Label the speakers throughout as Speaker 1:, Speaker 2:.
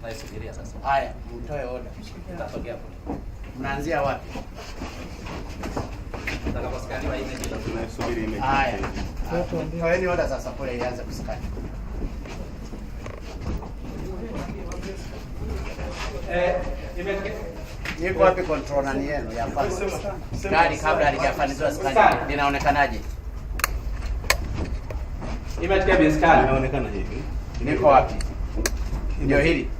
Speaker 1: tunaisubiria sasa. Haya, mtoe oda, tutasogea kule. Mnaanzia wapi?
Speaker 2: Tutakaposikaniwa ile
Speaker 1: toeni oda sasa, pole ianze kusikani. Eh, wapi controller ni yenu ya Gari kabla halijafanikiwa skani. Linaonekanaje? Imefikia hivi. Niko wapi? Ndio hili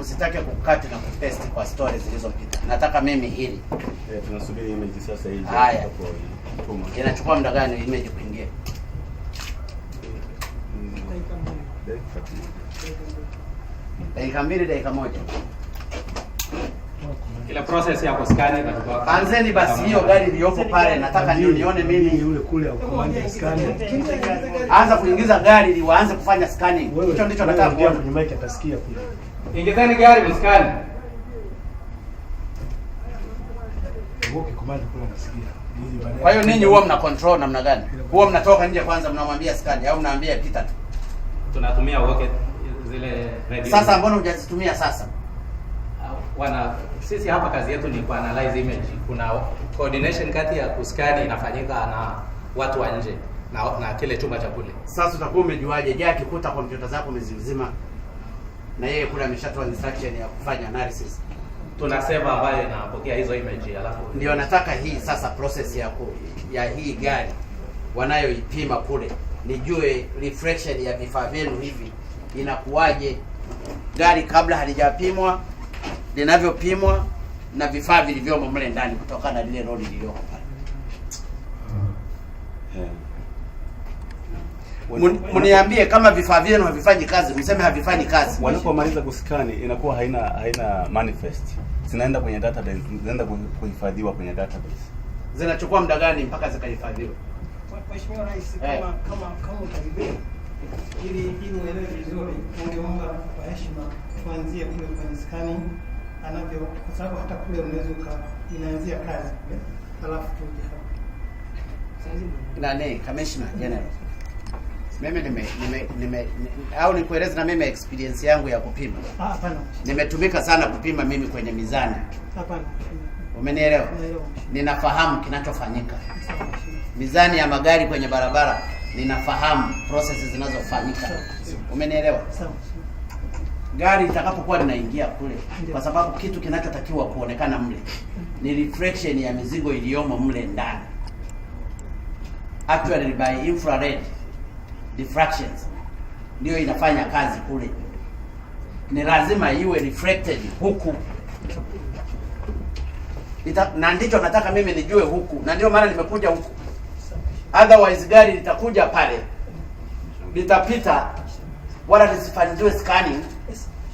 Speaker 1: msitake eh, eh, kukati na kupesti kwa stori zilizopita. Nataka mimi hili
Speaker 2: eh,
Speaker 1: haya. Inachukua muda gani image kuingia? Mm, dakika mbili, dakika moja.
Speaker 2: Ile process ya kuskani na
Speaker 1: kutoa. Anzeni basi hiyo gari iliyoko pale nataka ni unione mimi
Speaker 2: yule kule ukomande scan.
Speaker 1: Anza kuingiza gari ili waanze kufanya scanning. Hicho ndicho nataka kuona.
Speaker 2: Kwenye mic atasikia kule.
Speaker 1: Ingizeni gari mscan.
Speaker 2: Woke komande kule anasikia. Kwa hiyo ninyi huwa mna control namna gani? Huwa mnatoka nje kwanza mnamwambia scan au mnaambia pita tu. Tunatumia woke zile
Speaker 1: radio. Sasa mbona hujazitumia sasa?
Speaker 2: wana sisi hapa kazi yetu ni kuanalyze image. Kuna coordination kati ya kuskani inafanyika na watu wa nje na, na kile chumba cha kule.
Speaker 1: Sasa utakuwa umejuaje? Je, akikuta kompyuta zako mezimzima na yeye kule ameshatoa instruction ya kufanya analysis?
Speaker 2: Tuna server ambayo inapokea hizo image, alafu
Speaker 1: ndio nataka hii sasa process ya ku, ya hii gari wanayoipima kule nijue reflection ya vifaa vyenu hivi inakuwaje, gari kabla halijapimwa linavyopimwa na vifaa vilivyomo mle ndani kutokana na lile lori lililoko pale. Eh. Mniambie kama vifaa vyenu havifanyi kazi, mseme havifanyi kazi.
Speaker 2: Wanapomaliza kusikani inakuwa haina haina manifest, zinaenda kwenye database, zinaenda kuhifadhiwa kwenye database.
Speaker 1: Zinachukua muda gani mpaka zikahifadhiwa?
Speaker 3: Mheshimiwa Rais, hey. Eh. kama kama kama utalibea ili ili uelewe vizuri, ungeomba kwa heshima tuanzie kule kwenye skani anavyo, kwa sababu hata kule unaweza inaanzia kazi kule, eh? alafu tu hapa
Speaker 1: nane commissioner general mimi nime, nime, nime, au nikueleze na mimi experience yangu ya kupima. Ah, hapana. Nimetumika sana kupima mimi kwenye mizani. Hapana. Umenielewa? Ninafahamu kinachofanyika. Mizani ya magari kwenye barabara, ninafahamu processes zinazofanyika. Umenielewa? Sawa gari litakapokuwa linaingia kule, kwa sababu kitu kinachotakiwa kuonekana mle ni reflection ya mizigo iliyomo mle ndani, actually by infrared diffractions ndio inafanya kazi kule, ni lazima iwe reflected huku Ita, na ndicho nataka mimi nijue huku, na ndio maana nimekuja huku. Otherwise gari litakuja pale litapita, wala lisifanywe scanning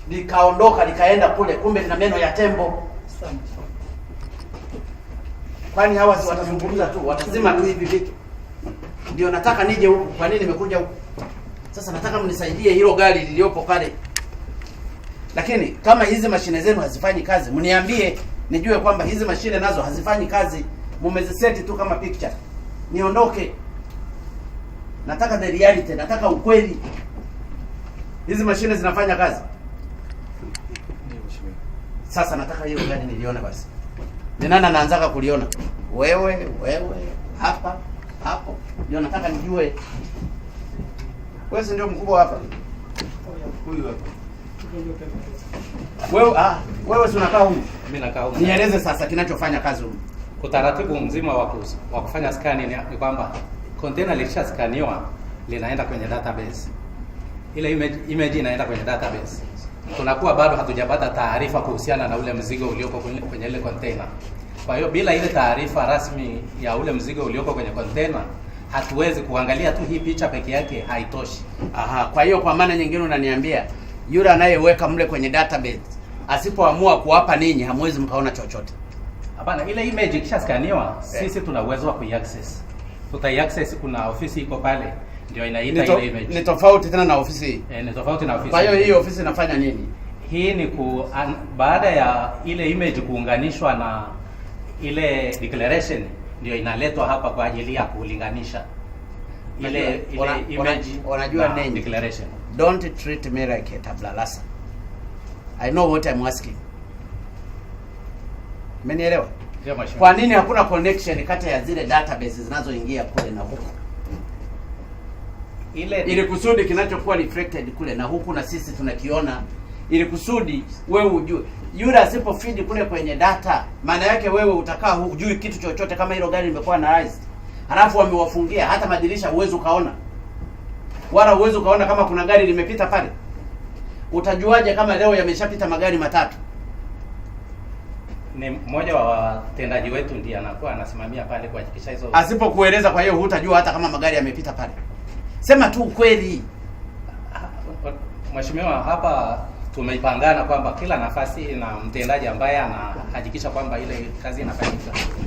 Speaker 1: nikaondoka likaenda kule, kumbe na meno ya tembo. Kwani hawa si watazungumza tu, watazima tu hivi vitu. Ndio nataka nije huku. Kwa nini nimekuja huku? Sasa nataka mnisaidie hilo gari liliopo pale, lakini kama hizi mashine zenu hazifanyi kazi, mniambie nijue kwamba hizi mashine nazo hazifanyi kazi, mumeziseti tu kama picture. Niondoke, nataka the reality, nataka ukweli. Hizi mashine zinafanya kazi? Sasa nataka hiyo gari niliona basi. Ni nani anaanzaga kuliona? Wewe, wewe, hapa, hapo. Ndio nataka nijue. Wewe ndio mkubwa hapa. Huyu hapa. Wewe ah, wewe si unakaa huko? Mimi nakaa huko. Nieleze sasa kinachofanya kazi huko.
Speaker 2: Utaratibu mzima wa wa kufanya scan ni kwamba container lishaskaniwa linaenda kwenye database. Ile image, image inaenda kwenye database tunakuwa bado hatujapata taarifa kuhusiana na ule mzigo ulioko kwenye ile container. Kwa hiyo bila ile taarifa rasmi ya ule mzigo ulioko kwenye container hatuwezi kuangalia tu hii picha peke yake haitoshi.
Speaker 1: Aha, kwa hiyo kwa maana nyingine unaniambia yule anayeweka mle kwenye database asipoamua kuwapa ninyi hamwezi mkaona chochote.
Speaker 2: Hapana, ile image ikishaskaniwa, yeah. Sisi tuna uwezo wa kuiaccess. Tutaiaccess, kuna ofisi iko pale ndio inaita ile image.
Speaker 1: Ni tofauti tena na ofisi.
Speaker 2: Eh, ni tofauti na ofisi.
Speaker 1: Kwa hiyo hii ofisi inafanya nini?
Speaker 2: Hii ni ku an, baada ya ile image kuunganishwa na ile declaration ndio inaletwa hapa kwa ajili ya kulinganisha ile
Speaker 1: ile image.
Speaker 2: wanajua nini?
Speaker 1: Declaration. Don't treat me like a tabla rasa. I know what I'm asking. Mmenielewa? Kwa nini hakuna connection kati ya zile database zinazoingia kule na huko? ile, ili kusudi kinachokuwa reflected kule na huku na sisi tunakiona, ili kusudi wewe ujue. Yule asipo feed kule kwenye data, maana yake wewe utakaa hujui kitu chochote, kama hilo gari limekuwa analyzed, halafu wamewafungia hata madirisha, huwezi ukaona wala uwezi ukaona kama kuna gari limepita pale. Utajuaje kama leo yameshapita magari matatu?
Speaker 2: Ni mmoja wa watendaji wetu ndiye anakuwa anasimamia pale kuhakikisha hizo,
Speaker 1: asipokueleza. Kwa hiyo hutajua hata kama magari yamepita pale sema tu ukweli.
Speaker 2: Mheshimiwa, hapa tumeipangana kwamba kila nafasi ina mtendaji ambaye anahakikisha kwamba ile kazi inafanyika.